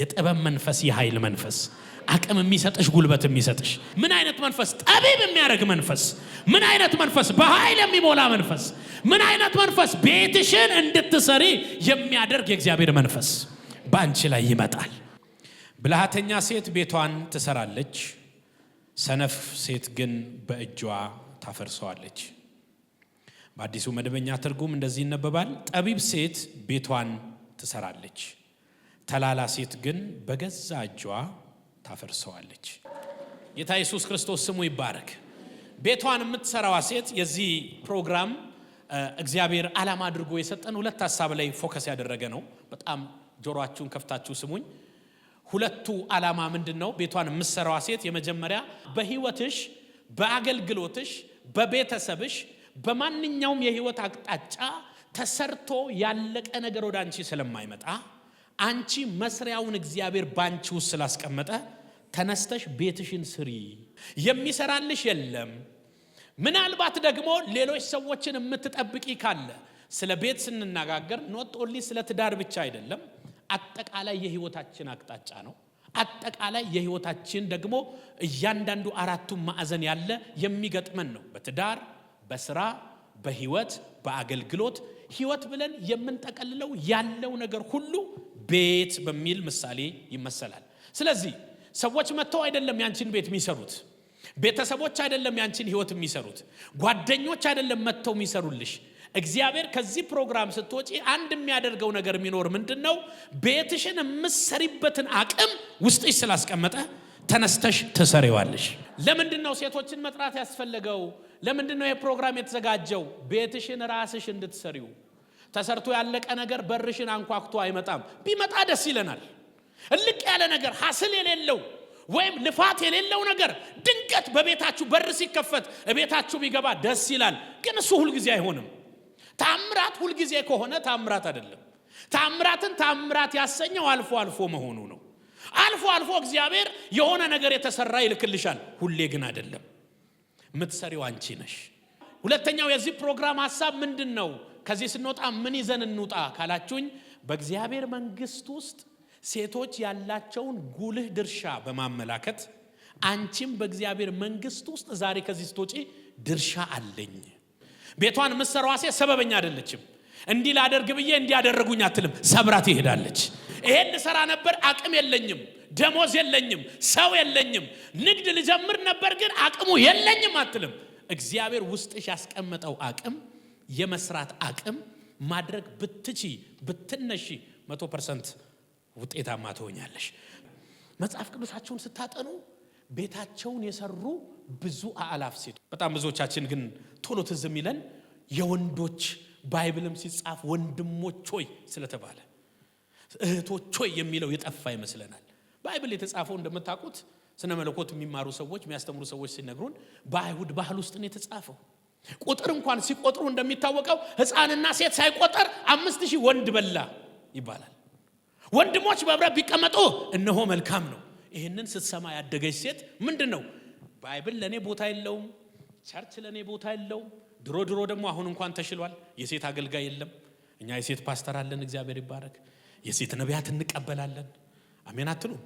የጥበብ መንፈስ፣ የኃይል መንፈስ፣ አቅም የሚሰጥሽ ጉልበት የሚሰጥሽ ምን አይነት መንፈስ? ጠቢብ የሚያደርግ መንፈስ። ምን አይነት መንፈስ? በኃይል የሚሞላ መንፈስ። ምን አይነት መንፈስ? ቤትሽን እንድትሰሪ የሚያደርግ የእግዚአብሔር መንፈስ በአንቺ ላይ ይመጣል። ብልሃተኛ ሴት ቤቷን ትሰራለች፣ ሰነፍ ሴት ግን በእጇ ታፈርሰዋለች። በአዲሱ መደበኛ ትርጉም እንደዚህ ይነበባል፣ ጠቢብ ሴት ቤቷን ትሰራለች ተላላ ሴት ግን በገዛ እጇ ታፈርሰዋለች። ጌታ ኢየሱስ ክርስቶስ ስሙ ይባረክ። ቤቷን የምትሰራዋ ሴት የዚህ ፕሮግራም እግዚአብሔር አላማ አድርጎ የሰጠን ሁለት ሀሳብ ላይ ፎከስ ያደረገ ነው። በጣም ጆሮችሁን ከፍታችሁ ስሙኝ። ሁለቱ አላማ ምንድን ነው? ቤቷን የምትሰራዋ ሴት የመጀመሪያ በህይወትሽ፣ በአገልግሎትሽ፣ በቤተሰብሽ፣ በማንኛውም የህይወት አቅጣጫ ተሰርቶ ያለቀ ነገር ወደ አንቺ ስለማይመጣ አንቺ መስሪያውን እግዚአብሔር ባንቺ ውስጥ ስላስቀመጠ ተነስተሽ ቤትሽን ስሪ። የሚሰራልሽ የለም። ምናልባት ደግሞ ሌሎች ሰዎችን የምትጠብቂ ካለ ስለ ቤት ስንነጋገር ኖት ኦንሊ ስለ ትዳር ብቻ አይደለም፣ አጠቃላይ የህይወታችን አቅጣጫ ነው። አጠቃላይ የህይወታችን ደግሞ እያንዳንዱ አራቱም ማዕዘን ያለ የሚገጥመን ነው። በትዳር፣ በስራ፣ በህይወት፣ በአገልግሎት ህይወት ብለን የምንጠቀልለው ያለው ነገር ሁሉ ቤት በሚል ምሳሌ ይመሰላል። ስለዚህ ሰዎች መጥተው አይደለም ያንቺን ቤት የሚሰሩት፣ ቤተሰቦች አይደለም ያንቺን ህይወት የሚሰሩት፣ ጓደኞች አይደለም መጥተው የሚሰሩልሽ። እግዚአብሔር ከዚህ ፕሮግራም ስትወጪ አንድ የሚያደርገው ነገር የሚኖር ምንድን ነው? ቤትሽን የምሰሪበትን አቅም ውስጥሽ ስላስቀመጠ ተነስተሽ ትሰሪዋለሽ። ለምንድን ነው ሴቶችን መጥራት ያስፈለገው? ለምንድን ነው ይህ ፕሮግራም የተዘጋጀው? ቤትሽን ራስሽ እንድትሰሪው ተሰርቶ ያለቀ ነገር በርሽን አንኳኩቶ አይመጣም። ቢመጣ ደስ ይለናል። እልቅ ያለ ነገር ሀስል የሌለው ወይም ልፋት የሌለው ነገር ድንገት በቤታችሁ በር ሲከፈት ቤታችሁ ቢገባ ደስ ይላል። ግን እሱ ሁልጊዜ አይሆንም። ታምራት ሁልጊዜ ከሆነ ታምራት አይደለም። ታምራትን ታምራት ያሰኘው አልፎ አልፎ መሆኑ ነው። አልፎ አልፎ እግዚአብሔር የሆነ ነገር የተሰራ ይልክልሻል፣ ሁሌ ግን አይደለም። ምትሰሪው አንቺ ነሽ። ሁለተኛው የዚህ ፕሮግራም ሀሳብ ምንድን ነው? ከዚህ ስንወጣ ምን ይዘን እንውጣ ካላችሁኝ በእግዚአብሔር መንግስት ውስጥ ሴቶች ያላቸውን ጉልህ ድርሻ በማመላከት አንቺም በእግዚአብሔር መንግስት ውስጥ ዛሬ ከዚህ ስትወጪ ድርሻ አለኝ። ቤቷን ምሰራዋ ሴ ሰበበኛ አይደለችም። እንዲህ ላደርግ ብዬ እንዲያደረጉኝ አትልም። ሰብራት ይሄዳለች ይሄን ልሰራ ነበር፣ አቅም የለኝም፣ ደሞዝ የለኝም፣ ሰው የለኝም፣ ንግድ ልጀምር ነበር ግን አቅሙ የለኝም አትልም። እግዚአብሔር ውስጥሽ ያስቀመጠው አቅም የመስራት አቅም ማድረግ ብትቺ ብትነሺ መቶ ፐርሰንት ውጤታማ ትሆኛለሽ። መጽሐፍ ቅዱሳቸውን ስታጠኑ ቤታቸውን የሰሩ ብዙ አላፍ ሴቶ በጣም ብዙዎቻችን ግን ቶሎ ትዝ የሚለን የወንዶች ባይብልም ሲጻፍ ወንድሞች ሆይ ስለተባለ እህቶች ሆይ የሚለው የጠፋ ይመስለናል። ባይብል የተጻፈው እንደምታውቁት ስነ መለኮት የሚማሩ ሰዎች የሚያስተምሩ ሰዎች ሲነግሩን በአይሁድ ባህል ውስጥ ነው የተጻፈው። ቁጥር እንኳን ሲቆጥሩ እንደሚታወቀው ህፃንና ሴት ሳይቆጠር አምስት ሺህ ወንድ በላ ይባላል። ወንድሞች በብረት ቢቀመጡ እነሆ መልካም ነው። ይህንን ስትሰማ ያደገች ሴት ምንድን ነው ባይብል ለእኔ ቦታ የለውም፣ ቸርች ለእኔ ቦታ የለውም። ድሮ ድሮ ደግሞ አሁን እንኳን ተሽሏል። የሴት አገልጋይ የለም። እኛ የሴት ፓስተር አለን፣ እግዚአብሔር ይባረክ። የሴት ነቢያት እንቀበላለን። አሜን አትሉም?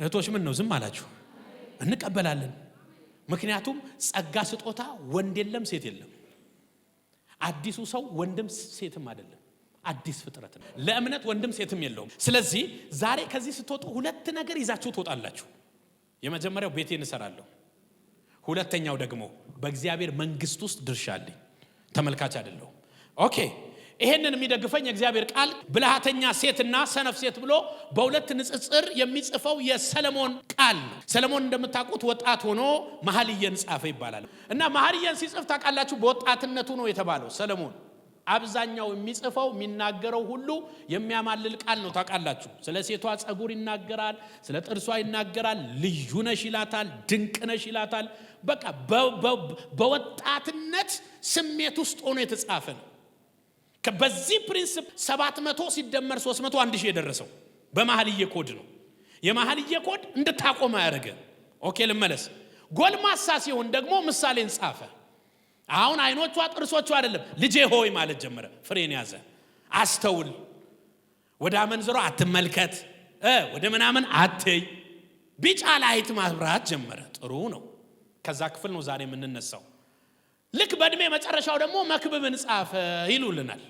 እህቶች ምን ነው ዝም አላችሁ? እንቀበላለን። ምክንያቱም ጸጋ ስጦታ ወንድ የለም ሴት የለም። አዲሱ ሰው ወንድም ሴትም አይደለም፣ አዲስ ፍጥረት ነው። ለእምነት ወንድም ሴትም የለውም። ስለዚህ ዛሬ ከዚህ ስትወጡ ሁለት ነገር ይዛችሁ ትወጣላችሁ። የመጀመሪያው ቤቴን እንሰራለሁ ሁለተኛው ደግሞ በእግዚአብሔር መንግስት ውስጥ ድርሻ አለኝ። ተመልካች አይደለሁም። ኦኬ ይሄንን የሚደግፈኝ የእግዚአብሔር ቃል ብልሃተኛ ሴትና ሰነፍ ሴት ብሎ በሁለት ንጽጽር የሚጽፈው የሰለሞን ቃል ነው። ሰለሞን እንደምታውቁት ወጣት ሆኖ መሀልየን ጻፈ ይባላል እና መሀልየን ሲጽፍ ታውቃላችሁ፣ በወጣትነቱ ነው የተባለው። ሰለሞን አብዛኛው የሚጽፈው የሚናገረው ሁሉ የሚያማልል ቃል ነው። ታውቃላችሁ፣ ስለ ሴቷ ጸጉር ይናገራል፣ ስለ ጥርሷ ይናገራል። ልዩ ነሽ ይላታል፣ ድንቅ ነሽ ይላታል። በቃ በወጣትነት ስሜት ውስጥ ሆኖ የተጻፈ ነው። በዚህ ፕሪንስፕ መቶ ሲደመር መቶ አንድ ሺህ የደረሰው በመሀልዬ ኮድ ነው። የመሀልዬ ኮድ እንድታቆም አያደረገ። ኦኬ ልመለስ። ጎልማሳ ሲሆን ደግሞ ምሳሌን ጻፈ። አሁን አይኖቿ ጥርሶቿ አይደለም ልጄ ሆይ ማለት ጀመረ። ፍሬን ያዘ። አስተውል፣ ወደ አመንዝሮ አትመልከት፣ ወደ ምናምን አትይ። ቢጫ ላይት ማብራት ጀመረ። ጥሩ ነው። ከዛ ክፍል ነው ዛሬ የምንነሳው። ልክ በእድሜ መጨረሻው ደግሞ መክብብን ጻፈ ይሉልናል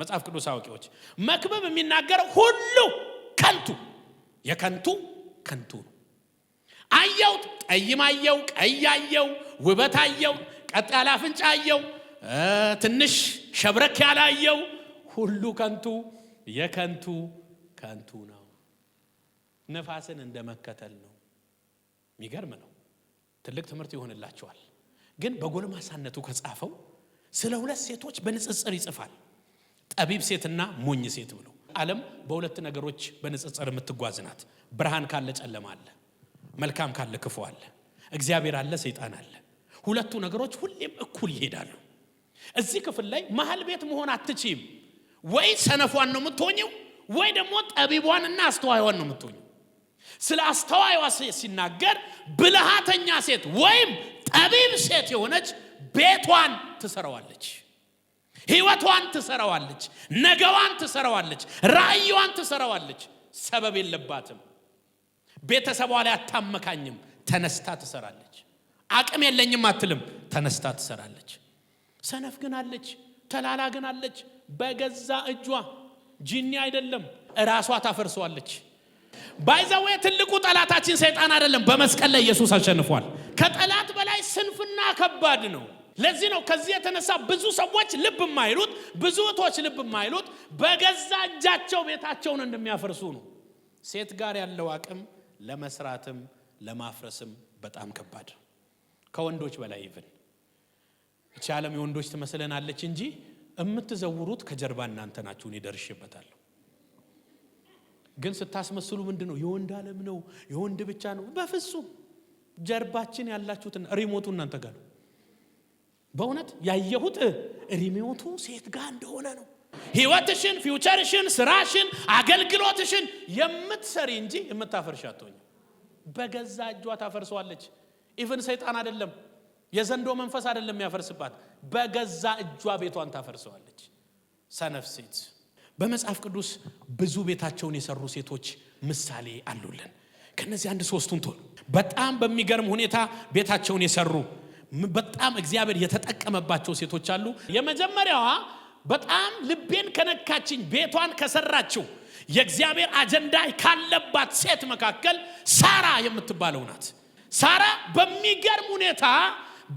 መጽሐፍ ቅዱስ አዋቂዎች። መክብብ የሚናገረው ሁሉ ከንቱ የከንቱ ከንቱ ነው። አየው፣ ጠይም አየው፣ ቀይ አየው፣ ውበት አየው፣ ቀጥ ያለ አፍንጫ አየው፣ ትንሽ ሸብረክ ያለ ሁሉ ከንቱ የከንቱ ከንቱ ነው። ነፋስን እንደመከተል ነው። የሚገርም ነው። ትልቅ ትምህርት ይሆንላቸዋል። ግን በጎልማሳነቱ ከጻፈው ስለ ሁለት ሴቶች በንጽጽር ይጽፋል። ጠቢብ ሴትና ሞኝ ሴት ብሎ አለም በሁለት ነገሮች በንጽጽር የምትጓዝ ናት። ብርሃን ካለ ጨለማ አለ፣ መልካም ካለ ክፉ አለ፣ እግዚአብሔር አለ፣ ሰይጣን አለ። ሁለቱ ነገሮች ሁሌም እኩል ይሄዳሉ። እዚህ ክፍል ላይ መሀል ቤት መሆን አትችይም። ወይ ሰነፏን ነው የምትሆኘው፣ ወይ ደግሞ ጠቢቧንና አስተዋይዋን ነው የምትሆኘው። ስለ አስተዋይዋ ሴት ሲናገር ብልሃተኛ ሴት ወይም ጠቢብ ሴት የሆነች ቤቷን ትሰራዋለች፣ ህይወቷን ትሰራዋለች፣ ነገዋን ትሰራዋለች፣ ራእዩዋን ትሰራዋለች። ሰበብ የለባትም። ቤተሰቧ ላይ አታመካኝም። ተነስታ ትሰራለች። አቅም የለኝም አትልም። ተነስታ ትሰራለች። ሰነፍ ግን አለች፣ ተላላ ግን አለች። በገዛ እጇ ጂኒ አይደለም ራሷ ታፈርሰዋለች። ባይዘዌ ትልቁ ጠላታችን ሰይጣን አይደለም። በመስቀል ላይ ኢየሱስ አሸንፏል። ከጠላት በላይ ስንፍና ከባድ ነው። ለዚህ ነው ከዚህ የተነሳ ብዙ ሰዎች ልብ የማይሉት ብዙ እቶች ልብ የማይሉት በገዛ እጃቸው ቤታቸውን እንደሚያፈርሱ ነው። ሴት ጋር ያለው አቅም ለመስራትም ለማፍረስም በጣም ከባድ ነው። ከወንዶች በላይ ይብን እቺ ዓለም የወንዶች ትመስለናለች እንጂ የምትዘውሩት ከጀርባ እናንተ ናችሁን ይደርሽበታል። ግን ስታስመስሉ ምንድን ነው የወንድ ዓለም ነው የወንድ ብቻ ነው በፍጹም ጀርባችን ያላችሁትን ሪሞቱ እናንተ ጋር ነው። በእውነት ያየሁት ሪሞቱ ሴት ጋር እንደሆነ ነው። ህይወትሽን፣ ፊውቸርሽን፣ ስራሽን፣ አገልግሎትሽን የምትሰሪ እንጂ የምታፈርሽ አትሆኝ። በገዛ እጇ ታፈርሰዋለች። ኢቭን ሰይጣን አይደለም የዘንዶ መንፈስ አይደለም ያፈርስባት፣ በገዛ እጇ ቤቷን ታፈርሰዋለች። ሰነፍ ሴት በመጽሐፍ ቅዱስ ብዙ ቤታቸውን የሰሩ ሴቶች ምሳሌ አሉልን። ከነዚህ አንድ ሶስቱን ቶሎ በጣም በሚገርም ሁኔታ ቤታቸውን የሰሩ በጣም እግዚአብሔር የተጠቀመባቸው ሴቶች አሉ። የመጀመሪያዋ በጣም ልቤን ከነካችኝ ቤቷን ከሰራችው የእግዚአብሔር አጀንዳ ካለባት ሴት መካከል ሳራ የምትባለው ናት። ሳራ በሚገርም ሁኔታ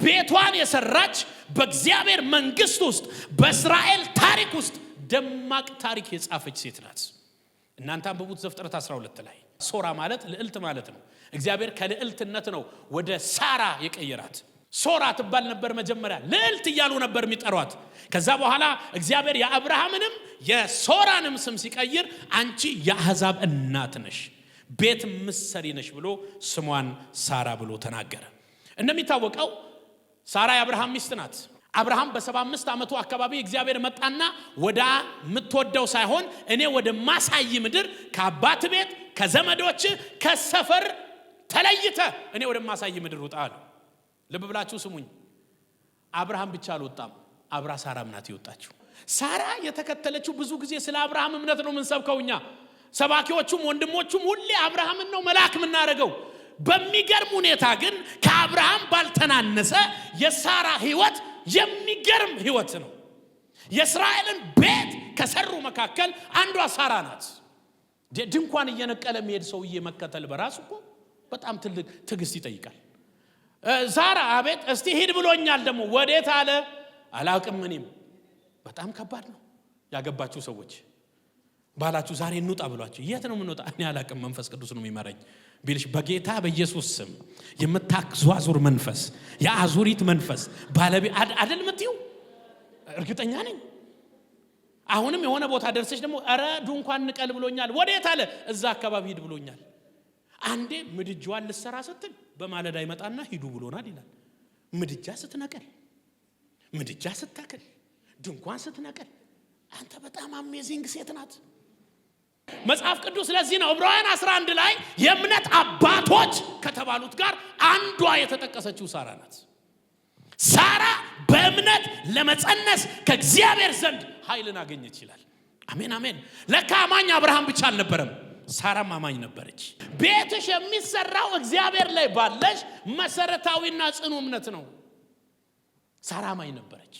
ቤቷን የሰራች በእግዚአብሔር መንግስት ውስጥ በእስራኤል ታሪክ ውስጥ ደማቅ ታሪክ የጻፈች ሴት ናት። እናንተ አንብቡት ዘፍጥረት 12 ላይ ሶራ ማለት ልዕልት ማለት ነው። እግዚአብሔር ከልዕልትነት ነው ወደ ሳራ የቀየራት። ሶራ ትባል ነበር መጀመሪያ፣ ልዕልት እያሉ ነበር የሚጠሯት። ከዛ በኋላ እግዚአብሔር የአብርሃምንም የሶራንም ስም ሲቀይር አንቺ የአሕዛብ እናት ነሽ፣ ቤት ምሰሪ ነሽ ብሎ ስሟን ሳራ ብሎ ተናገረ። እንደሚታወቀው ሳራ የአብርሃም ሚስት ናት። አብርሃም በሰባ አምስት ዓመቱ አካባቢ እግዚአብሔር መጣና ወደ ምትወደው ሳይሆን እኔ ወደ ማሳይ ምድር ከአባት ቤት ከዘመዶች ከሰፈር ተለይተ እኔ ወደ ማሳይ ምድር ውጣ አለ። ልብ ብላችሁ ስሙኝ። አብርሃም ብቻ አልወጣም። አብራ ሳራ ናት የወጣችው። ሳራ የተከተለችው ብዙ ጊዜ ስለ አብርሃም እምነት ነው የምንሰብከው እኛ ሰባኪዎቹም ወንድሞቹም ሁሌ አብርሃምን ነው መልአክ የምናደርገው። በሚገርም ሁኔታ ግን ከአብርሃም ባልተናነሰ የሳራ ህይወት የሚገርም ህይወት ነው። የእስራኤልን ቤት ከሰሩ መካከል አንዷ ሳራ ናት። ድንኳን እየነቀለ መሄድ ሰውዬ መከተል በራሱ እኮ በጣም ትልቅ ትግስት ይጠይቃል። ሳራ አቤት፣ እስቲ ሂድ ብሎኛል። ደግሞ ወዴት አለ አላውቅም። እኔም በጣም ከባድ ነው ያገባችሁ ሰዎች ባላችሁ ዛሬ እንውጣ ብሏችሁ የት ነው የምንወጣ? እኔ አላቅም፣ መንፈስ ቅዱስ ነው የሚመረኝ ቢልሽ በጌታ በኢየሱስ ስም የምታዟዙር መንፈስ፣ የአዙሪት መንፈስ ባለቢ አደል ምትይው እርግጠኛ ነኝ። አሁንም የሆነ ቦታ ደርሰች ደግሞ ረ ድንኳን ንቀል ብሎኛል፣ ወዴት አለ እዛ አካባቢ ሂድ ብሎኛል። አንዴ ምድጃዋን ልሰራ ስትል በማለዳ ይመጣና ሂዱ ብሎናል ይላል። ምድጃ ስትነቀል፣ ምድጃ ስትተክል፣ ድንኳን ስትነቀል፣ አንተ በጣም አሜዚንግ ሴት ናት። መጽሐፍ ቅዱስ ለዚህ ነው ዕብራውያን 11 ላይ የእምነት አባቶች ከተባሉት ጋር አንዷ የተጠቀሰችው ሳራ ናት። ሳራ በእምነት ለመጸነስ ከእግዚአብሔር ዘንድ ኃይልን አገኘች ይላል። አሜን አሜን። ለካ አማኝ አብርሃም ብቻ አልነበረም፣ ሳራም አማኝ ነበረች። ቤትሽ የሚሰራው እግዚአብሔር ላይ ባለሽ መሰረታዊና ጽኑ እምነት ነው። ሳራ አማኝ ነበረች።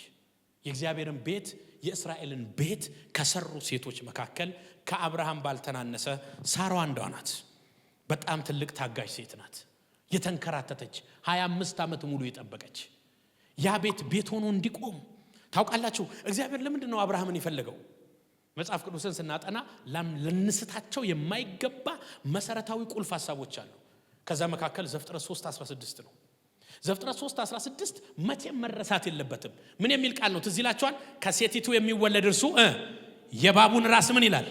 የእግዚአብሔርን ቤት የእስራኤልን ቤት ከሰሩ ሴቶች መካከል ከአብርሃም ባልተናነሰ ሳራ አንዷ ናት። በጣም ትልቅ ታጋሽ ሴት ናት። የተንከራተተች ሀያ አምስት ዓመት ሙሉ የጠበቀች ያ ቤት ቤት ሆኖ እንዲቆም ታውቃላችሁ። እግዚአብሔር ለምንድን ነው አብርሃምን የፈለገው? መጽሐፍ ቅዱስን ስናጠና ለንስታቸው የማይገባ መሰረታዊ ቁልፍ ሀሳቦች አሉ። ከዛ መካከል ዘፍጥረት 3 16 ነው ዘፍጥረት 3 16 መቼም መረሳት የለበትም። ምን የሚል ቃል ነው? ትዝ ይላችኋል። ከሴቲቱ የሚወለድ እርሱ የባቡን ራስ ምን ይላል?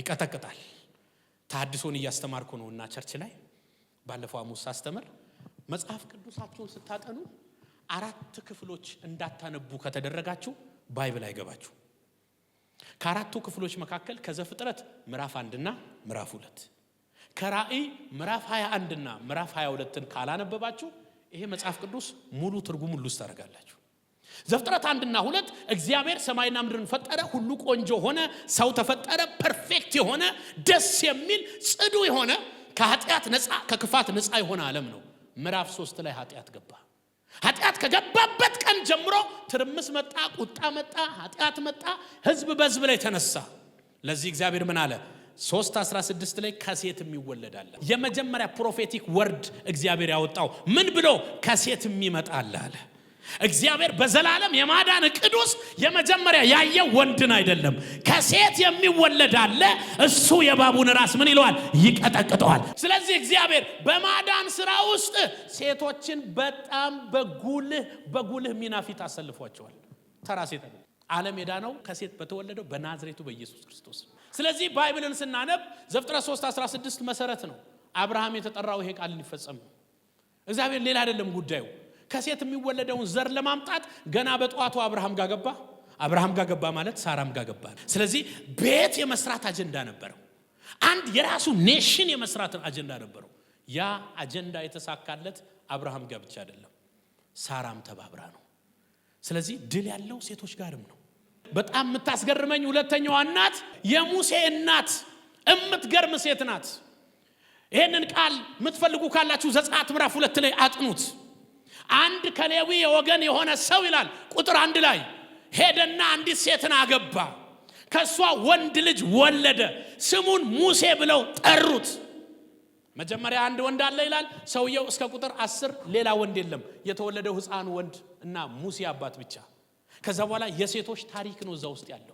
ይቀጠቅጣል። ታድሶን እያስተማርኩ ነው እና ቸርች ላይ ባለፈው አሙስ ሳስተምር መጽሐፍ ቅዱሳችሁን ስታጠኑ አራት ክፍሎች እንዳታነቡ ከተደረጋችሁ ባይብል አይገባችሁ። ከአራቱ ክፍሎች መካከል ከዘፍጥረት ምዕራፍ አንድና ምዕራፍ ሁለት ከራእይ ምዕራፍ 21ና ምዕራፍ 22ን ካላነበባችሁ ይሄ መጽሐፍ ቅዱስ ሙሉ ትርጉሙን ሉስ ታደርጋላችሁ። ዘፍጥረት አንድና ሁለት እግዚአብሔር ሰማይና ምድርን ፈጠረ፣ ሁሉ ቆንጆ ሆነ፣ ሰው ተፈጠረ፣ ፐርፌክት የሆነ ደስ የሚል ጽዱ የሆነ ከኃጢአት ነፃ ከክፋት ነፃ የሆነ ዓለም ነው። ምዕራፍ ሶስት ላይ ኃጢአት ገባ። ኃጢአት ከገባበት ቀን ጀምሮ ትርምስ መጣ፣ ቁጣ መጣ፣ ኃጢአት መጣ፣ ህዝብ በህዝብ ላይ ተነሳ። ለዚህ እግዚአብሔር ምን አለ? ሶስት 16 ላይ ከሴትም ይወለዳል። የመጀመሪያ ፕሮፌቲክ ወርድ እግዚአብሔር ያወጣው ምን ብሎ ከሴትም ይመጣል አለ። እግዚአብሔር በዘላለም የማዳን እቅድ ውስጥ የመጀመሪያ ያየው ወንድን አይደለም፣ ከሴት የሚወለድ አለ። እሱ የባቡን ራስ ምን ይለዋል? ይቀጠቅጠዋል። ስለዚህ እግዚአብሔር በማዳን ስራ ውስጥ ሴቶችን በጣም በጉልህ በጉልህ ሚና ፊት አሰልፏቸዋል። ተራ ሴት ዓለም የዳነው ከሴት በተወለደው በናዝሬቱ በኢየሱስ ክርስቶስ። ስለዚህ ባይብልን ስናነብ ዘፍጥረ 3 16 መሰረት ነው። አብርሃም የተጠራው ይሄ ቃል ሊፈጸም ነው። እግዚአብሔር ሌላ አይደለም ጉዳዩ። ከሴት የሚወለደውን ዘር ለማምጣት ገና በጠዋቱ አብርሃም ጋር ገባ። አብርሃም ጋር ገባ ማለት ሳራም ጋር ገባ። ስለዚህ ቤት የመስራት አጀንዳ ነበረው። አንድ የራሱ ኔሽን የመስራት አጀንዳ ነበረው። ያ አጀንዳ የተሳካለት አብርሃም ጋር ብቻ አይደለም፣ ሳራም ተባብራ ነው። ስለዚህ ድል ያለው ሴቶች ጋርም ነው። በጣም የምታስገርመኝ ሁለተኛዋ እናት የሙሴ እናት እምትገርም ሴት ናት። ይህንን ቃል የምትፈልጉ ካላችሁ ዘጸአት ምዕራፍ ሁለት ላይ አጥኑት። አንድ ከሌዊ የወገን የሆነ ሰው ይላል ቁጥር አንድ ላይ ሄደና አንዲት ሴትን አገባ፣ ከእሷ ወንድ ልጅ ወለደ፣ ስሙን ሙሴ ብለው ጠሩት። መጀመሪያ አንድ ወንድ አለ ይላል ሰውየው። እስከ ቁጥር አስር ሌላ ወንድ የለም። የተወለደው ህፃኑ ወንድ እና ሙሴ አባት ብቻ ከዛ በኋላ የሴቶች ታሪክ ነው እዛ ውስጥ ያለው።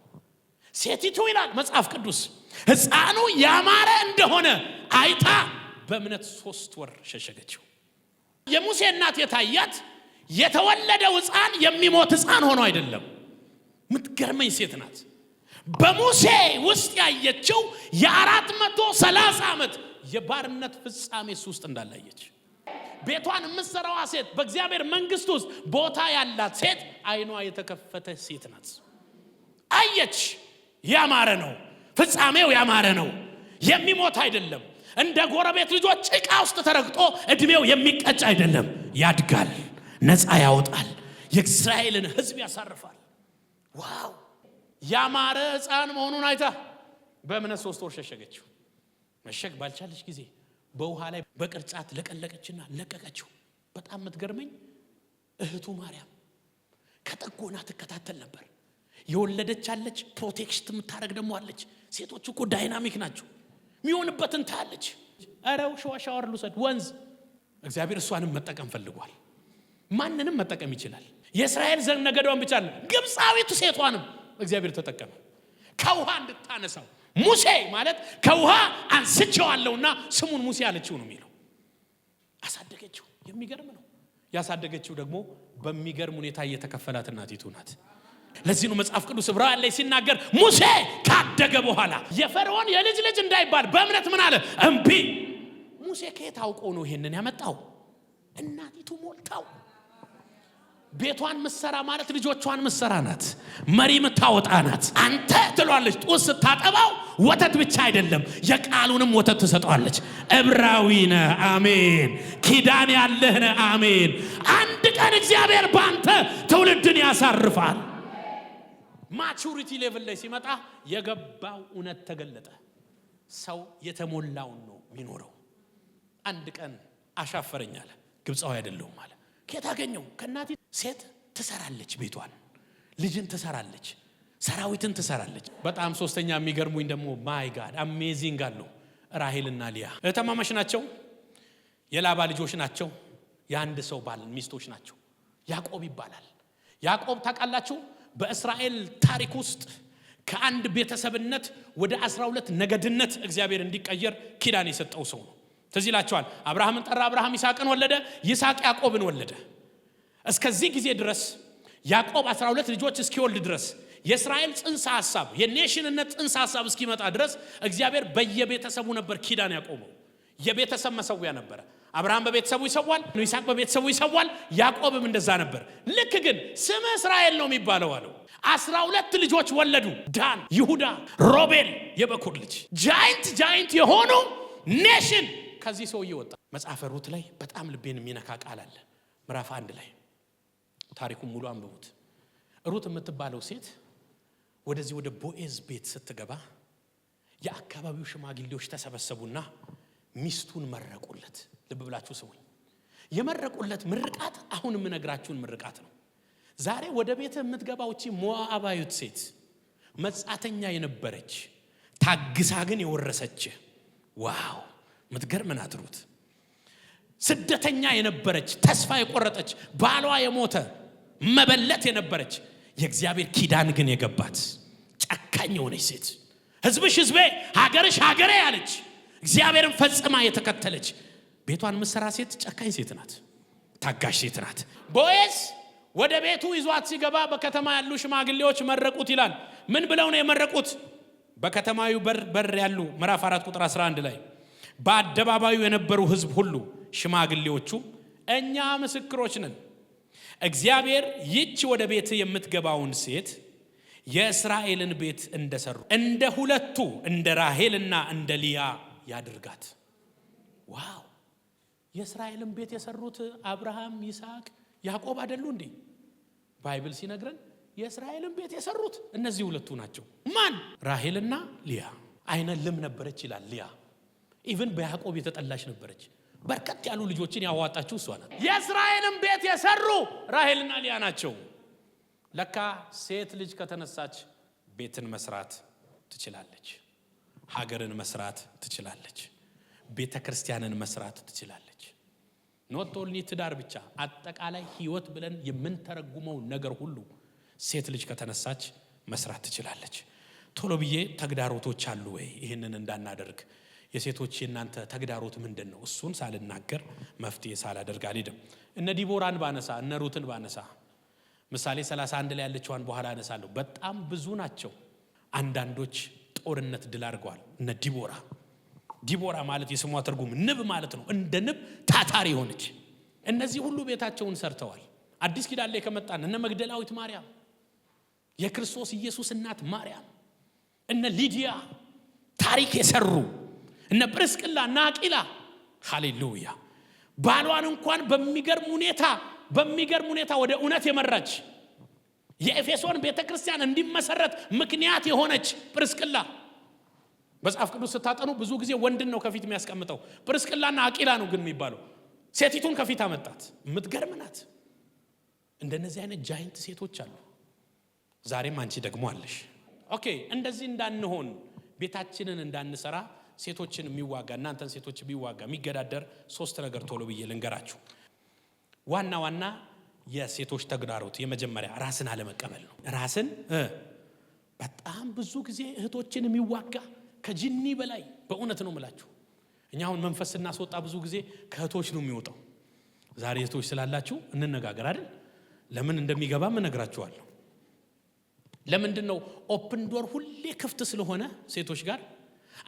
ሴቲቱ ይላል መጽሐፍ ቅዱስ ህፃኑ ያማረ እንደሆነ አይታ በእምነት ሶስት ወር ሸሸገችው። የሙሴ እናት የታያት የተወለደው ህፃን የሚሞት ህፃን ሆኖ አይደለም። ምትገርመኝ ሴት ናት። በሙሴ ውስጥ ያየችው የአራት መቶ ሰላሳ ዓመት የባርነት ፍጻሜ ውስጥ እንዳላየች ቤቷን የምትሰራዋ ሴት በእግዚአብሔር መንግስት ውስጥ ቦታ ያላት ሴት አይኗ የተከፈተ ሴት ናት። አየች። ያማረ ነው ፍጻሜው፣ ያማረ ነው። የሚሞት አይደለም። እንደ ጎረቤት ልጆች ጭቃ ውስጥ ተረግጦ እድሜው የሚቀጭ አይደለም። ያድጋል፣ ነፃ ያወጣል፣ የእስራኤልን ህዝብ ያሳርፋል። ዋው! ያማረ ህፃን መሆኑን አይታ በእምነት ሶስት ወር ሸሸገችው። መሸግ ባልቻለች ጊዜ በውሃ ላይ በቅርጫት ለቀለቀችና ለቀቀችው። በጣም የምትገርመኝ እህቱ ማርያም ከጠጎና ትከታተል ነበር። የወለደች አለች፣ ፕሮቴክሽት የምታደረግ ደግሞ አለች። ሴቶች እኮ ዳይናሚክ ናቸው። የሚሆንበትን ታያለች። እረው ሸዋሻወር ልውሰድ ወንዝ። እግዚአብሔር እሷንም መጠቀም ፈልጓል። ማንንም መጠቀም ይችላል። የእስራኤል ዘር ነገዷን ብቻ ግብፃዊቱ ሴቷንም እግዚአብሔር ተጠቀመ ከውሃ እንድታነሳው ሙሴ ማለት ከውሃ አንስቼዋለሁና ስሙን ሙሴ አለችው ነው የሚለው። አሳደገችው። የሚገርም ነው። ያሳደገችው ደግሞ በሚገርም ሁኔታ እየተከፈላት እናቲቱ ናት። ለዚህ ነው መጽሐፍ ቅዱስ ዕብራውያን ላይ ሲናገር ሙሴ ካደገ በኋላ የፈርዖን የልጅ ልጅ እንዳይባል በእምነት ምን አለ? እምቢ። ሙሴ ከየት አውቆ ነው ይሄንን ያመጣው? እናቲቱ ሞልታው ቤቷን ምሰራ ማለት ልጆቿን ምሰራ ናት። መሪ ምታወጣ ናት። አንተ ትሏለች። ጡት ስታጠባው ወተት ብቻ አይደለም የቃሉንም ወተት ትሰጠዋለች። እብራዊ ነ አሜን። ኪዳን ያለህ ነህ፣ አሜን። አንድ ቀን እግዚአብሔር በአንተ ትውልድን ያሳርፋል። ማቹሪቲ ሌቭል ላይ ሲመጣ የገባው እውነት ተገለጠ። ሰው የተሞላውን ነው የሚኖረው። አንድ ቀን አሻፈረኛል ግብፃዊ አይደለሁም አለ ኬት አገኘው? ከእናቴ ሴት ትሰራለች፣ ቤቷን ልጅን ትሰራለች፣ ሰራዊትን ትሰራለች። በጣም ሶስተኛ የሚገርሙኝ ደግሞ ማይ ጋድ አሜዚንግ ጋድ ነው። ራሄልና ሊያ እህትማማች ናቸው። የላባ ልጆች ናቸው። የአንድ ሰው ባል ሚስቶች ናቸው። ያዕቆብ ይባላል። ያዕቆብ ታውቃላችሁ፣ በእስራኤል ታሪክ ውስጥ ከአንድ ቤተሰብነት ወደ አስራ ሁለት ነገድነት እግዚአብሔር እንዲቀየር ኪዳን የሰጠው ሰው ነው። ትዝ ይላቸዋል። አብርሃምን ጠራ፣ አብርሃም ይስሐቅን ወለደ፣ ይስሐቅ ያዕቆብን ወለደ። እስከዚህ ጊዜ ድረስ ያዕቆብ 12 ልጆች እስኪወልድ ድረስ የእስራኤል ጽንሰ ሐሳብ የኔሽንነት ጽንሰ ሐሳብ እስኪመጣ ድረስ እግዚአብሔር በየቤተሰቡ ነበር ኪዳን ያቆመው። የቤተሰብ መሰዊያ ነበረ። አብርሃም በቤተሰቡ ይሰዋል፣ ይስሐቅ በቤተሰቡ ይሰዋል፣ ያዕቆብም እንደዛ ነበር። ልክ ግን ስም እስራኤል ነው የሚባለው አለው። አስራ ሁለት ልጆች ወለዱ። ዳን፣ ይሁዳ፣ ሮቤል የበኩር ልጅ ጃይንት ጃይንት የሆኑ ኔሽን ከዚህ ሰውዬ ወጣ። መጽሐፈ ሩት ላይ በጣም ልቤን የሚነካ ቃል አለ። ምራፍ አንድ ላይ ታሪኩን ሙሉ አንብቡት። ሩት የምትባለው ሴት ወደዚህ ወደ ቦኤዝ ቤት ስትገባ የአካባቢው ሽማግሌዎች ተሰበሰቡና ሚስቱን መረቁለት። ልብ ብላችሁ ስሙኝ። የመረቁለት ምርቃት አሁን የምነግራችሁን ምርቃት ነው። ዛሬ ወደ ቤት የምትገባ ውቺ ሞአባዩት ሴት መጻተኛ የነበረች ታግሳ ግን የወረሰች ዋው ምትገርም ናት ስደተኛ የነበረች ተስፋ የቆረጠች ባሏ የሞተ መበለት የነበረች የእግዚአብሔር ኪዳን ግን የገባት ጨካኝ የሆነች ሴት ህዝብሽ ህዝቤ ሀገርሽ ሀገሬ ያለች እግዚአብሔርን ፈጽማ የተከተለች ቤቷን ምሰራ ሴት ጨካኝ ሴት ናት። ታጋሽ ሴት ናት። ቦዔዝ ወደ ቤቱ ይዟት ሲገባ በከተማ ያሉ ሽማግሌዎች መረቁት ይላል። ምን ብለው ነው የመረቁት? በከተማዊ በር በር ያሉ ምዕራፍ አራት ቁጥር 11 ላይ በአደባባዩ የነበሩ ህዝብ ሁሉ ሽማግሌዎቹ እኛ ምስክሮች ነን፣ እግዚአብሔር ይች ወደ ቤት የምትገባውን ሴት የእስራኤልን ቤት እንደሰሩ እንደ ሁለቱ እንደ ራሄልና እንደ ሊያ ያድርጋት። ዋው! የእስራኤልን ቤት የሰሩት አብርሃም፣ ይስሐቅ፣ ያዕቆብ አይደሉ እንዴ? ባይብል ሲነግረን የእስራኤልን ቤት የሰሩት እነዚህ ሁለቱ ናቸው። ማን? ራሄልና ሊያ። አይነ ልም ነበረች ይላል ሊያ ኢቨን በያዕቆብ የተጠላች ነበረች። በርከት ያሉ ልጆችን ያዋጣችው እሷ ናት። የእስራኤልን ቤት የሰሩ ራሄልና ሊያ ናቸው። ለካ ሴት ልጅ ከተነሳች ቤትን መስራት ትችላለች፣ ሀገርን መስራት ትችላለች፣ ቤተ ክርስቲያንን መስራት ትችላለች። ኖቶልኒ ትዳር ብቻ አጠቃላይ ህይወት ብለን የምንተረጉመው ነገር ሁሉ ሴት ልጅ ከተነሳች መስራት ትችላለች። ቶሎ ብዬ ተግዳሮቶች አሉ ወይ ይህንን እንዳናደርግ የሴቶች የእናንተ ተግዳሮት ምንድን ነው? እሱን ሳልናገር መፍትሄ ሳላደርግ አልሄድም። እነ ዲቦራን ባነሳ እነ ሩትን ባነሳ ምሳሌ 31 ላይ ያለችዋን በኋላ አነሳለሁ። በጣም ብዙ ናቸው። አንዳንዶች ጦርነት ድል አድርገዋል። እነ ዲቦራ ዲቦራ ማለት የስሟ ትርጉም ንብ ማለት ነው። እንደ ንብ ታታሪ የሆነች እነዚህ ሁሉ ቤታቸውን ሰርተዋል። አዲስ ኪዳን ላይ ከመጣን እነ መግደላዊት ማርያም፣ የክርስቶስ ኢየሱስ እናት ማርያም፣ እነ ሊዲያ ታሪክ የሰሩ እነ ጵርስቅላ እና አቂላ ሃሌሉያ ባሏን እንኳን በሚገርም ሁኔታ በሚገርም ሁኔታ ወደ እውነት የመራች የኤፌሶን ቤተ ክርስቲያን እንዲመሰረት ምክንያት የሆነች ጵርስቅላ መጽሐፍ ቅዱስ ስታጠኑ ብዙ ጊዜ ወንድን ነው ከፊት የሚያስቀምጠው። ጵርስቅላና አቂላ ነው ግን የሚባለው። ሴቲቱን ከፊት አመጣት። የምትገርምናት እንደነዚህ አይነት ጃይንት ሴቶች አሉ። ዛሬም አንቺ ደግሞ አለሽ። ኦኬ፣ እንደዚህ እንዳንሆን ቤታችንን እንዳንሰራ ሴቶችን የሚዋጋ እናንተን ሴቶች የሚዋጋ የሚገዳደር ሶስት ነገር ቶሎ ብዬ ልንገራችሁ። ዋና ዋና የሴቶች ተግዳሮት የመጀመሪያ ራስን አለመቀበል ነው። ራስን በጣም ብዙ ጊዜ እህቶችን የሚዋጋ ከጅኒ በላይ በእውነት ነው ምላችሁ። እኛ አሁን መንፈስ ስናስወጣ ብዙ ጊዜ ከእህቶች ነው የሚወጣው። ዛሬ እህቶች ስላላችሁ እንነጋገር አይደል? ለምን እንደሚገባም እነግራችኋለሁ። ለምንድን ነው ኦፕን ዶር ሁሌ ክፍት ስለሆነ ሴቶች ጋር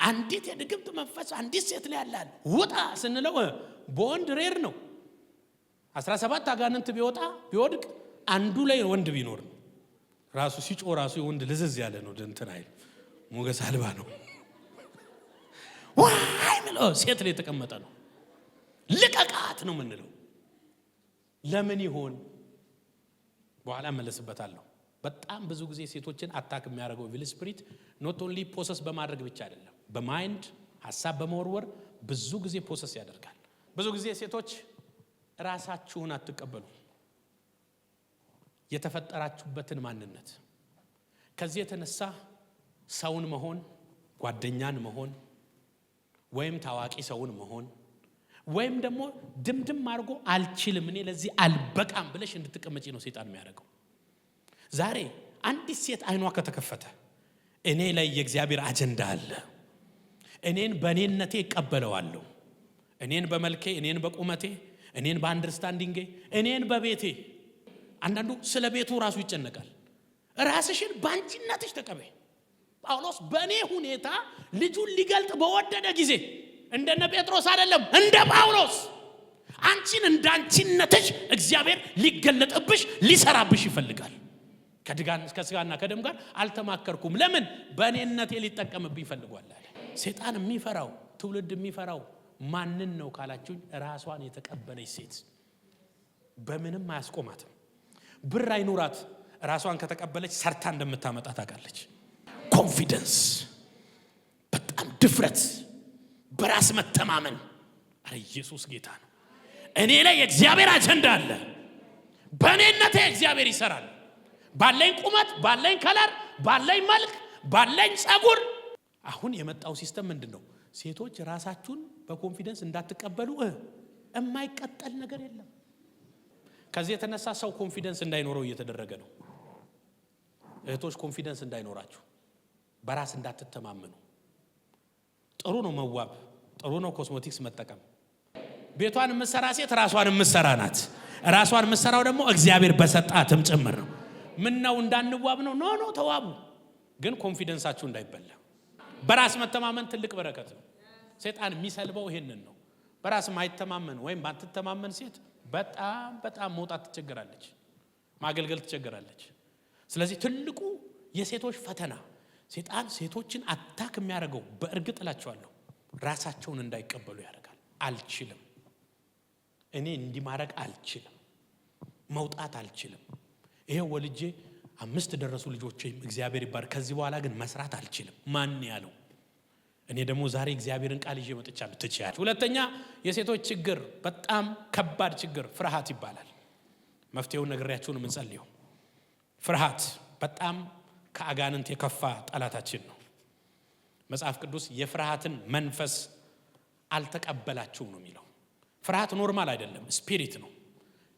አንዲት የድግምት መንፈስ አንዲት ሴት ላይ ያላል። ውጣ ስንለው በወንድ ሬር ነው። 17 አጋንንት ቢወጣ ቢወድቅ አንዱ ላይ ወንድ ቢኖር ነው። ራሱ ሲጮ ራሱ የወንድ ልዝዝ ያለ ነው። እንትን አይል ሞገስ አልባ ነው። ዋይ ምለው ሴት ላይ የተቀመጠ ነው። ልቀቃት ነው ምንለው። ለምን ይሆን በኋላ እመለስበታለሁ። በጣም ብዙ ጊዜ ሴቶችን አታክ የሚያደርገው ቪል ስፕሪት ኖት ኦንሊ ፖሰስ በማድረግ ብቻ አይደለም። በማይንድ ሀሳብ በመወርወር ብዙ ጊዜ ፕሮሰስ ያደርጋል። ብዙ ጊዜ ሴቶች ራሳችሁን አትቀበሉ፣ የተፈጠራችሁበትን ማንነት። ከዚህ የተነሳ ሰውን መሆን፣ ጓደኛን መሆን ወይም ታዋቂ ሰውን መሆን ወይም ደግሞ ድምድም አድርጎ አልችልም እኔ ለዚህ አልበቃም ብለሽ እንድትቀመጪ ነው ሴጣን የሚያደርገው። ዛሬ አንዲት ሴት አይኗ ከተከፈተ እኔ ላይ የእግዚአብሔር አጀንዳ አለ እኔን በእኔነቴ እቀበለዋለሁ። እኔን በመልኬ፣ እኔን በቁመቴ፣ እኔን በአንደርስታንዲንጌ፣ እኔን በቤቴ። አንዳንዱ ስለ ቤቱ ራሱ ይጨነቃል። ራስሽን በአንቺነትሽ ተቀበይ። ጳውሎስ በእኔ ሁኔታ ልጁን ሊገልጥ በወደደ ጊዜ እንደነ ጴጥሮስ አይደለም፣ እንደ ጳውሎስ አንቺን አንቺነትሽ እግዚአብሔር ሊገለጥብሽ ሊሰራብሽ ይፈልጋል። ከስጋና ከደም ጋር አልተማከርኩም። ለምን? በእኔነቴ ሊጠቀምብኝ ይፈልጓል። ሴጣን የሚፈራው ትውልድ የሚፈራው ማንን ነው ካላችሁኝ፣ ራሷን የተቀበለች ሴት በምንም አያስቆማትም። ብር አይኑራት፣ ራሷን ከተቀበለች ሰርታ እንደምታመጣ ታውቃለች። ኮንፊደንስ፣ በጣም ድፍረት፣ በራስ መተማመን። አረ ኢየሱስ ጌታ ነው። እኔ ላይ የእግዚአብሔር አጀንዳ አለ። በእኔነት እግዚአብሔር ይሰራል። ባለኝ ቁመት፣ ባለኝ ከለር፣ ባለኝ መልክ፣ ባለኝ ጸጉር አሁን የመጣው ሲስተም ምንድን ነው? ሴቶች ራሳችሁን በኮንፊደንስ እንዳትቀበሉ የማይቀጠል ነገር የለም። ከዚህ የተነሳ ሰው ኮንፊደንስ እንዳይኖረው እየተደረገ ነው። እህቶች ኮንፊደንስ እንዳይኖራችሁ፣ በራስ እንዳትተማመኑ። ጥሩ ነው መዋብ፣ ጥሩ ነው ኮስሞቲክስ መጠቀም። ቤቷን የምሰራ ሴት ራሷን የምሰራ ናት። ራሷን የምሰራው ደግሞ እግዚአብሔር በሰጣትም ጭምር ነው። ምን ነው እንዳንዋብ ነው? ኖ ኖ፣ ተዋቡ፣ ግን ኮንፊደንሳችሁ እንዳይበላ በራስ መተማመን ትልቅ በረከት ነው። ሴጣን የሚሰልበው ይሄንን ነው። በራስ ማይተማመን ወይም ማትተማመን ሴት በጣም በጣም መውጣት ትቸገራለች፣ ማገልገል ትቸገራለች። ስለዚህ ትልቁ የሴቶች ፈተና ሴጣን ሴቶችን አታክ የሚያደርገው በእርግጥ እላቸዋለሁ ራሳቸውን እንዳይቀበሉ ያደርጋል። አልችልም፣ እኔ እንዲማረግ አልችልም፣ መውጣት አልችልም፣ ይሄ ወልጄ አምስት ደረሱ ልጆች እግዚአብሔር ይባር። ከዚህ በኋላ ግን መስራት አልችልም። ማን ያለው? እኔ ደግሞ ዛሬ እግዚአብሔርን ቃል ይዤ መጥቻለሁ። ትችያለሽ። ሁለተኛ የሴቶች ችግር በጣም ከባድ ችግር ፍርሃት ይባላል። መፍትሄውን ነግሬያችሁን የምንጸልየው ፍርሃት በጣም ከአጋንንት የከፋ ጠላታችን ነው። መጽሐፍ ቅዱስ የፍርሃትን መንፈስ አልተቀበላችሁም ነው የሚለው። ፍርሃት ኖርማል አይደለም፣ ስፒሪት ነው።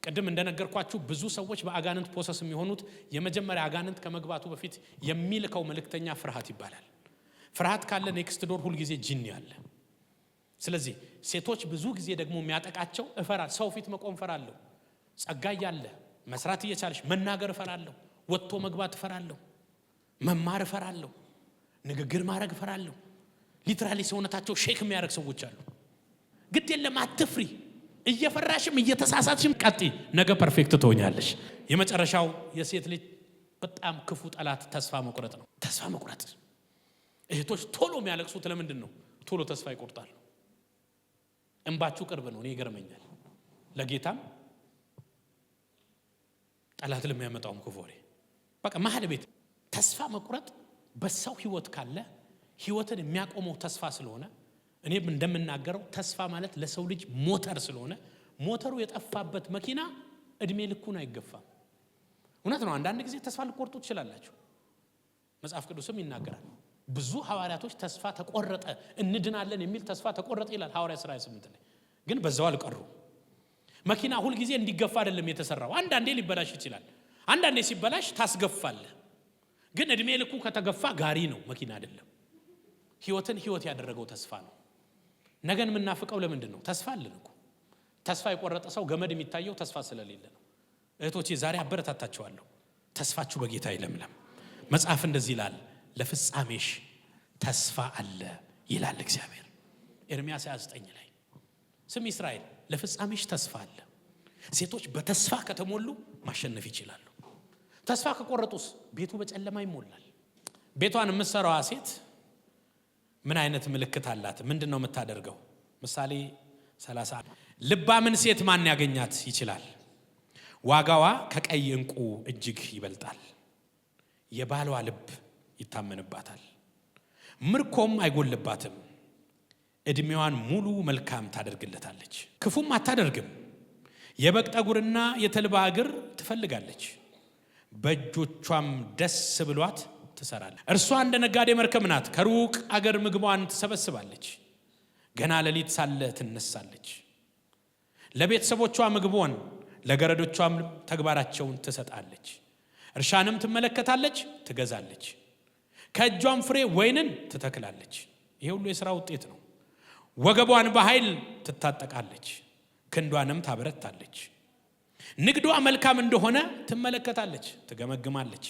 ቅድም እንደነገርኳችሁ ብዙ ሰዎች በአጋንንት ፖሰስ የሚሆኑት የመጀመሪያ አጋንንት ከመግባቱ በፊት የሚልከው መልእክተኛ ፍርሃት ይባላል። ፍርሃት ካለ ኔክስት ዶር ሁልጊዜ ጂኒ አለ። ስለዚህ ሴቶች ብዙ ጊዜ ደግሞ የሚያጠቃቸው እፈራ፣ ሰው ፊት መቆም ፈራለሁ ጸጋ እያለ መስራት እየቻለች መናገር እፈራለሁ፣ ወጥቶ መግባት እፈራለሁ፣ መማር እፈራለሁ፣ ንግግር ማድረግ እፈራለሁ። ሊትራሊ ሰውነታቸው ሼክ የሚያደርግ ሰዎች አሉ። ግድ የለም አትፍሪ እየፈራሽም እየተሳሳትሽም ቀጢ ነገ ፐርፌክት ትሆኛለሽ። የመጨረሻው የሴት ልጅ በጣም ክፉ ጠላት ተስፋ መቁረጥ ነው። ተስፋ መቁረጥ እህቶች ቶሎ የሚያለቅሱት ለምንድን ነው? ቶሎ ተስፋ ይቆርጣሉ። እንባችሁ ቅርብ ነው። እኔ ይገርመኛል። ለጌታም ጠላት ለሚያመጣውም ክፉ ወሬ በቃ መሀል ቤት ተስፋ መቁረጥ በሰው ህይወት ካለ ህይወትን የሚያቆመው ተስፋ ስለሆነ እኔም እንደምናገረው ተስፋ ማለት ለሰው ልጅ ሞተር ስለሆነ ሞተሩ የጠፋበት መኪና እድሜ ልኩን አይገፋም። እውነት ነው። አንዳንድ ጊዜ ተስፋ ልቆርጡ ትችላላችሁ። መጽሐፍ ቅዱስም ይናገራል። ብዙ ሐዋርያቶች ተስፋ ተቆረጠ፣ እንድናለን የሚል ተስፋ ተቆረጠ ይላል ሐዋርያ ስራ 28 ላይ። ግን በዛው አልቀሩ። መኪና ሁልጊዜ እንዲገፋ አይደለም የተሰራው። አንዳንዴ ሊበላሽ ይችላል። አንዳንዴ ሲበላሽ ታስገፋለህ። ግን እድሜ ልኩ ከተገፋ ጋሪ ነው፣ መኪና አይደለም። ህይወትን ህይወት ያደረገው ተስፋ ነው። ነገን የምናፍቀው ለምንድን ነው? ተስፋ አለን እኮ። ተስፋ የቆረጠ ሰው ገመድ የሚታየው ተስፋ ስለሌለ ነው። እህቶቼ ዛሬ አበረታታቸዋለሁ። ተስፋችሁ በጌታ ይለምለም። መጽሐፍ እንደዚህ ይላል፣ ለፍጻሜሽ ተስፋ አለ ይላል እግዚአብሔር። ኤርሚያስ 29 ላይ ስም እስራኤል ለፍጻሜሽ ተስፋ አለ። ሴቶች በተስፋ ከተሞሉ ማሸነፍ ይችላሉ። ተስፋ ከቆረጡስ ቤቱ በጨለማ ይሞላል። ቤቷን የምትሰራዋ ሴት ምን አይነት ምልክት አላት? ምንድን ነው የምታደርገው? ምሳሌ 30 ልባምን ሴት ማን ያገኛት ይችላል? ዋጋዋ ከቀይ እንቁ እጅግ ይበልጣል። የባሏ ልብ ይታመንባታል፣ ምርኮም አይጎልባትም። እድሜዋን ሙሉ መልካም ታደርግለታለች፣ ክፉም አታደርግም። የበግ ጠጉርና የተልባ እግር ትፈልጋለች፣ በእጆቿም ደስ ብሏት ትሰራለች። እርሷ እንደ ነጋዴ መርከብ ናት። ከሩቅ አገር ምግቧን ትሰበስባለች። ገና ሌሊት ሳለ ትነሳለች። ለቤተሰቦቿ ምግቧን፣ ለገረዶቿም ተግባራቸውን ትሰጣለች። እርሻንም ትመለከታለች፣ ትገዛለች። ከእጇም ፍሬ ወይንን ትተክላለች። ይሄ ሁሉ የሥራ ውጤት ነው። ወገቧን በኃይል ትታጠቃለች፣ ክንዷንም ታበረታለች። ንግዷ መልካም እንደሆነ ትመለከታለች፣ ትገመግማለች።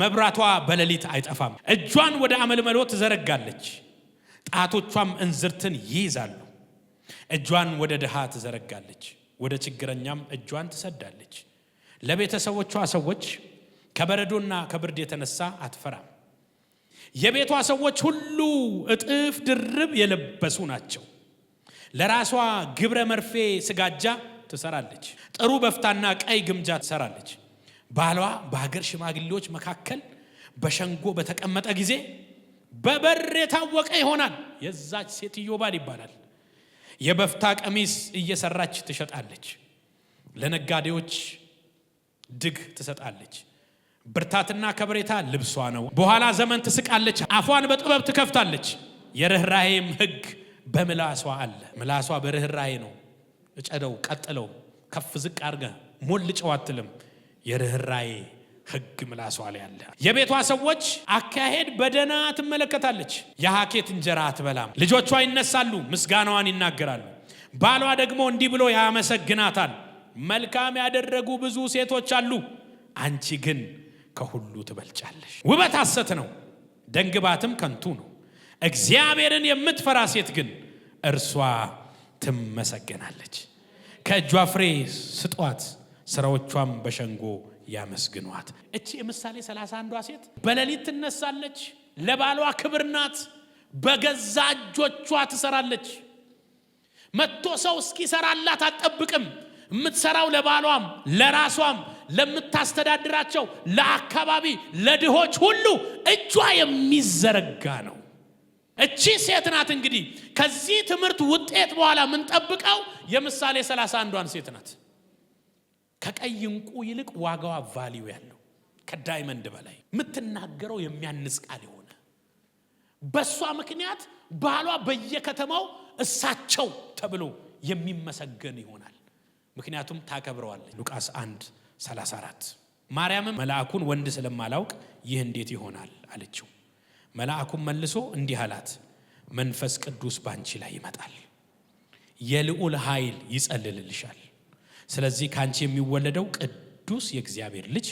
መብራቷ በሌሊት አይጠፋም። እጇን ወደ አመልመሎ ትዘረጋለች፣ ጣቶቿም እንዝርትን ይይዛሉ። እጇን ወደ ድሃ ትዘረጋለች፣ ወደ ችግረኛም እጇን ትሰዳለች። ለቤተሰቦቿ ሰዎች ከበረዶና ከብርድ የተነሳ አትፈራም። የቤቷ ሰዎች ሁሉ እጥፍ ድርብ የለበሱ ናቸው። ለራሷ ግብረ መርፌ ስጋጃ ትሰራለች፣ ጥሩ በፍታና ቀይ ግምጃ ትሰራለች። ባሏ በሀገር ሽማግሌዎች መካከል በሸንጎ በተቀመጠ ጊዜ በበር የታወቀ ይሆናል። የዛች ሴትዮ ባል ይባላል። የበፍታ ቀሚስ እየሰራች ትሸጣለች። ለነጋዴዎች ድግ ትሰጣለች። ብርታትና ከብሬታ ልብሷ ነው። በኋላ ዘመን ትስቃለች። አፏን በጥበብ ትከፍታለች። የርኅራሄም ህግ በምላሷ አለ። ምላሷ በርኅራሄ ነው። እጨደው፣ ቀጥለው፣ ከፍ ዝቅ አርገ ሞልጨው አትልም። የርኅራዬ ህግ ምላሷ ላይ አለ። የቤቷ ሰዎች አካሄድ በደና ትመለከታለች። የሀኬት እንጀራ አትበላም። ልጆቿ ይነሳሉ፣ ምስጋናዋን ይናገራሉ። ባሏ ደግሞ እንዲህ ብሎ ያመሰግናታል። መልካም ያደረጉ ብዙ ሴቶች አሉ፣ አንቺ ግን ከሁሉ ትበልጫለሽ። ውበት ሐሰት ነው፣ ደንግባትም ከንቱ ነው። እግዚአብሔርን የምትፈራ ሴት ግን እርሷ ትመሰገናለች። ከእጇ ፍሬ ስጧት ስራዎቿም በሸንጎ ያመስግኗት። እቺ የምሳሌ 31 አንዷ ሴት በሌሊት ትነሳለች፣ ለባሏ ክብር ናት፣ በገዛ እጆቿ ትሰራለች። መጥቶ ሰው እስኪሰራላት አትጠብቅም። የምትሰራው ለባሏም ለራሷም ለምታስተዳድራቸው ለአካባቢ ለድሆች ሁሉ እጇ የሚዘረጋ ነው። እቺ ሴት ናት እንግዲህ ከዚህ ትምህርት ውጤት በኋላ የምንጠብቀው የምሳሌ 31 አንዷን ሴት ናት። ከቀይ እንቁ ይልቅ ዋጋዋ ቫሊዩ ያለው ከዳይመንድ በላይ የምትናገረው የሚያንጽ ቃል የሆነ በእሷ ምክንያት ባሏ በየከተማው እሳቸው ተብሎ የሚመሰገን ይሆናል። ምክንያቱም ታከብረዋለች። ሉቃስ 1 34 ማርያምም መልአኩን ወንድ ስለማላውቅ ይህ እንዴት ይሆናል አለችው። መልአኩም መልሶ እንዲህ አላት፣ መንፈስ ቅዱስ ባንቺ ላይ ይመጣል፣ የልዑል ኃይል ይጸልልልሻል ስለዚህ ከአንቺ የሚወለደው ቅዱስ የእግዚአብሔር ልጅ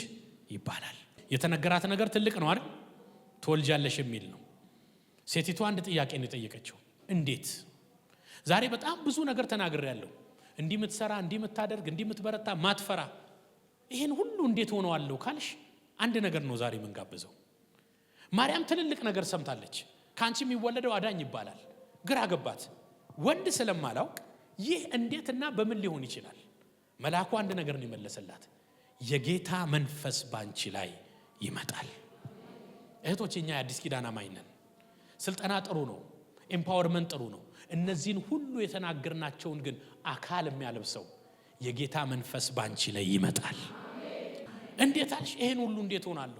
ይባላል። የተነገራት ነገር ትልቅ ነው አይደል? ትወልጃለሽ የሚል ነው። ሴቲቱ አንድ ጥያቄ ነው የጠየቀችው፣ እንዴት? ዛሬ በጣም ብዙ ነገር ተናግሬያለሁ። እንዲህ ምትሰራ፣ እንዲህ ምታደርግ፣ እንዲህ ምትበረታ፣ ማትፈራ፣ ይህን ሁሉ እንዴት ሆነዋለሁ ካልሽ አንድ ነገር ነው ዛሬ የምንጋብዘው። ማርያም ትልልቅ ነገር ሰምታለች። ከአንቺ የሚወለደው አዳኝ ይባላል። ግራ ገባት። ወንድ ስለማላውቅ ይህ እንዴትና በምን ሊሆን ይችላል መልአኩ አንድ ነገር ነው የመለሰላት፣ የጌታ መንፈስ ባንቺ ላይ ይመጣል። እህቶች እኛ የአዲስ ኪዳን አማኝ ነን። ስልጠና ጥሩ ነው፣ ኤምፓወርመንት ጥሩ ነው። እነዚህን ሁሉ የተናገርናቸውን ግን አካል የሚያለብሰው የጌታ መንፈስ ባንቺ ላይ ይመጣል። እንዴት አልሽ? ይሄን ሁሉ እንዴት ሆናለሁ?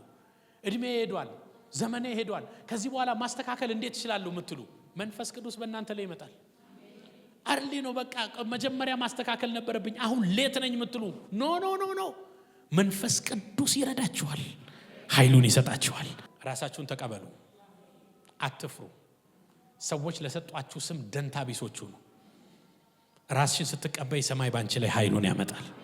እድሜ ሄዷል፣ ዘመኔ ሄዷል፣ ከዚህ በኋላ ማስተካከል እንዴት እችላለሁ የምትሉ መንፈስ ቅዱስ በእናንተ ላይ ይመጣል። አርሊ ነው በቃ መጀመሪያ ማስተካከል ነበረብኝ፣ አሁን ሌት ነኝ የምትሉ ኖ ኖ ኖ ኖ፣ መንፈስ ቅዱስ ይረዳችኋል፣ ኃይሉን ይሰጣችኋል። ራሳችሁን ተቀበሉ፣ አትፍሩ። ሰዎች ለሰጧችሁ ስም ደንታ ቢሶቹ ነው። ራስሽን ስትቀበይ ሰማይ ባንቺ ላይ ኃይሉን ያመጣል።